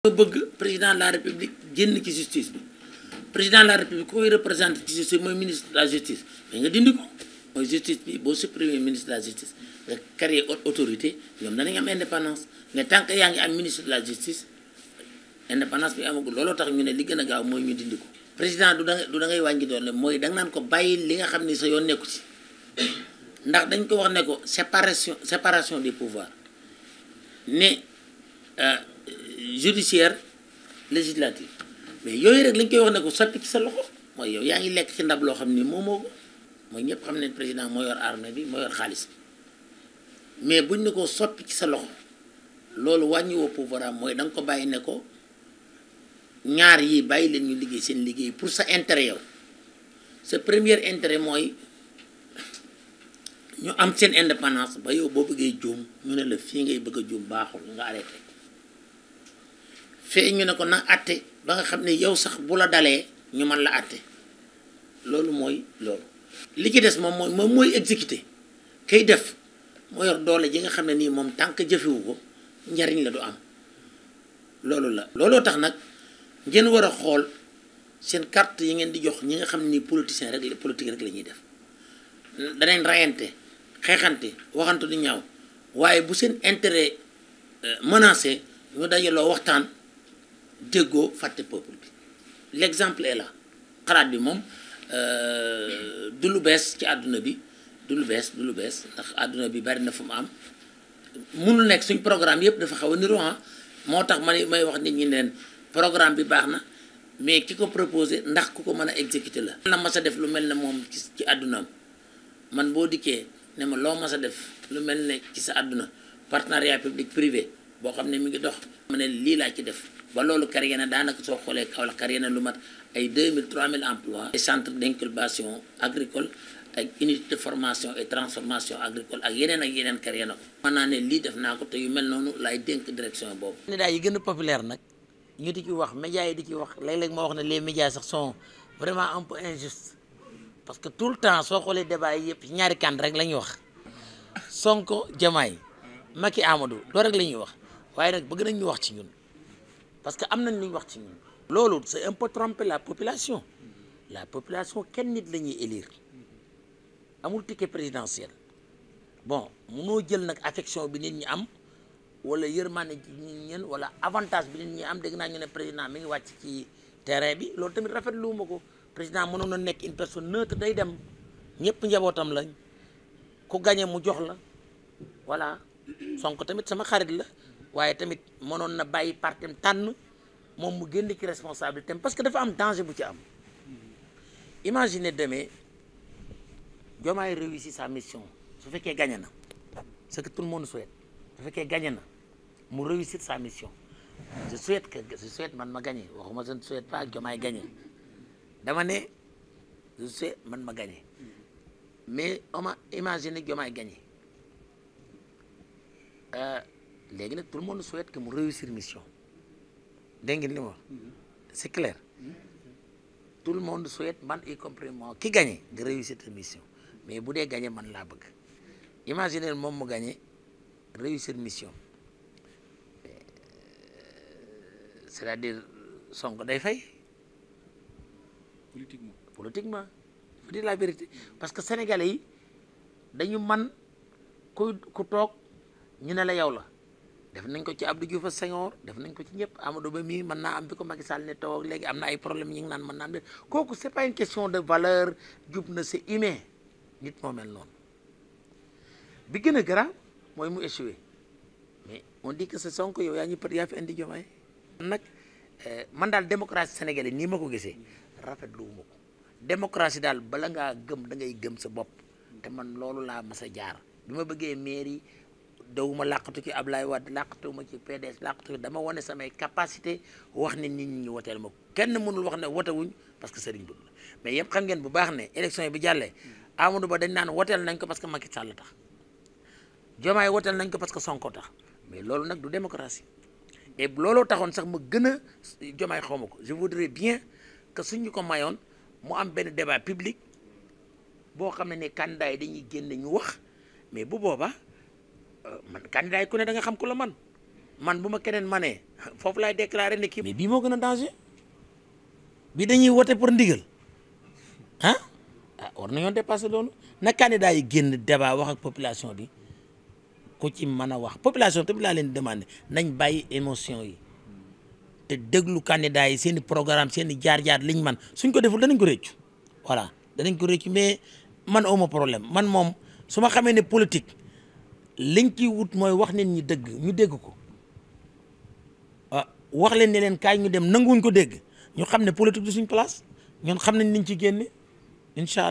nga bëgg président de la génn ci justice bi la république ku koy représenté mooy ministre de la nga dindi ko mooy bi boo supprimer ministre la justice nga créer autorité ñoom danañ am indépendance mais tant que yaa ngi am ministre de la justice indépendance bi amagul looloo tax ñu ne li gën a gaaw mooy ñu dindi ko président du da du da ngay wàññi doole mooy da nga naan ko bàyyi li nga xam ni sa yoon nekku ci ndax dañ ko wax ne ko séparation séparation des pouvoirs ne euh, judiciaire législative mais yooyu rek lañ koy wax ne ko sotti ci sa loxo mooy yow yaa ngi lekk ci ndab loo xam ni moomoo ko mooy ñëpp xam ne président moo yor armée bi moo xaalis bi mais buñ ne ko sotti ci sa loxo loolu wàññiwoo pouvoir am mooy da nga ko bàyyi ne ko ñaar yi bàyyi leen ñu liggéey seen liggéey pour sa intérêt yow sa premier intérêt mooy ñu am seen indépendance ba yow boo bëggee juum ñu ne la fii ngay bëgg a baaxul nga arrêté fee ñu ne ko na atte ba nga xam ne yow sax bu la dalee ñu man la atte loolu mooy loolu li ci des moom mooy moom mooy exécuté kay def moo yor doole ji nga xam ne nii moom tànk jëfewu ko njariñ la du am loolu la looloo tax nag ngeen war a xool seen carte yi ngeen di jox ñi nga xam ni politicien rek politique rek la ñuy def danañ rayante xeexante waxante du ñaaw waaye bu seen intérêt euh, menacé ñu dajaloo waxtaan déggoo fàtte peuple bi l'exemple est là xalaat bi moom euh, du lu bees ci àdduna bi du lu bees du lu bees ndax àdduna bi bari na fu mu am munul nekk suñ programme yëpp dafa xaw a niroo ah. moo tax man may wax nit ñi leen programme bi baax na mais ki ko proposé ndax ku ko mën a exécuter la. na mas a def lu mel ne moom ci ci àddunaam man boo dikkee ne ma loo mas a def lu mel ne ci sa àdduna partenariat public privé. boo xam ne mi ngi dox ma lii laa ci def ba loolu créé na daanaka soo xoolee Kaolack créé na lu mat ay 2000 3000 emplois ay centre d'incubation agricole ak unité formation et transformation agricole ak yeneen ak yeneen créé na ko mën naa ne lii def naa ko te yu mel noonu laay dénk direction boobu daa yi gën a populaire nag ñu di ci wax médias yi di ci wax léeg-léeg moo wax na lee médias sax sont vraiment un peu injustes parce que tout le temps soo xoolee débat yi yëpp ñaari kan rek la ñuy wax Sonko Diomaye Macky Amadou la ñuy wax waaye nag bëgg nañ ñu wax ci ñun parce que am nañ lu ñu wax ci ñun loolu c'est un peu tromper la population la population kenn nit la ñuy élire amul ticket présidentiel bon munoo jël nag affection bi nit ñi am wala yërmande ci nit ñeen wala avantage bi nit ñi am dégg naa ñu ne président mi ngi wàcc ci terrain bi loolu tamit rafetlu ma ko président mënoon na nekk une personne neutre day dem ñëpp njabootam lañ ku gañe mu jox la voilà Sonko tamit sama xarit la waaye tamit mënoon na bàyyi partem tànn moom mu génn ci responsabilité parce que dafa am danger bu ci am imaginez deme Diomaye réussit sa mission su fekkee gagné na ce que tout le monde souhaite su fekkee gagné na mu réussir sa mission je souhaite que je souhaite man ma gagné waxuma je ne souhaite pas Diomaye gagné dama ne je souhaite man ma gagné mais on m'a imaginé Diomaye léegi nag tout le monde souhaite que mu réussir mission dégg ngeen li ma wax mhm. c'est clair mhm. tout le monde souhaite man y compris moi ki gagné nga réussir mission mais bu dee gagné man laa bëgg imaginer moom mu gagné réussir mission euh, c'est-à-dire Sonko day fay. politiquement politiquement il faut dire la vérité parce que sénégalais yi dañu man ku toog ñu ne la yow la. def nañ ko ci Abdou Diouf a Senghor def nañ ko ci ñëpp Amadou Ba mii mën naa am bi ko Macky Sall ne toog léegi am na ay problème yi ngi naan mën naa am de kooku c'est pas une question de valeur jub na c'est humain nit moo mel noonu bi gën a garaaw mooy mu échoué mais on dit sa c'est Sonko yow yaa ñu yaa fi indi Diomaye nag euh, man daal démocratie sénégalaise nii ma ko gisee rafetlu wu ma ko démocratie daal bala ngaa gëm da ngay gëm sa bopp te man loolu laa mas a jaar bi ma bëggee mairie dawuma làqatu ci Ablaye Wade làqatuwuma ci PDS làqatu dama wane samay capacité wax ne nit ñi ñu woteel ma kenn mënul wax ne wotewuñ parce que Serigne Mboup la mais yëpp xam ngeen bu baax ne élection yi bi jàllee Amadou Ba dañ naan woteel nañ ko parce que Macky Sall tax Diomaye woteel nañ ko parce que Sonko tax mais loolu nag du démocratie et looloo taxoon sax ma gën a Diomaye xaw ma ko je voudrais bien que suñu ko mayoon mu am benn débat public boo xam ne ne candidat yi dañuy génn ñu wax mais bu boobaa man candidat yi ku ne danga nga xam ku la man man bu ma keneen manee foofu laay déclaré ne kii. mais bii moo gën a danger bii dañuy wote pour ndigal ah war nañoo dépassé loolu na candidat yi génn débat wax ak population bi ku ci mën a wax population tamit laa leen demandé nañ bàyyi émotion yi te déglu candidat yi seen i programme seen i jaar-jaar liñ man suñ ko deful danañ ko reccu voilà danañ ko réccu mais man auma problème man moom su ma xamee ne politique. liñ ciy wut mooy wax nit ñi dëgg ñu dégg ko ah wax leen ne leen kaay ñu dem nanguwuñ ko dégg ñu xam ne politique du suñ place ñun xam nañ niñ ci génne incha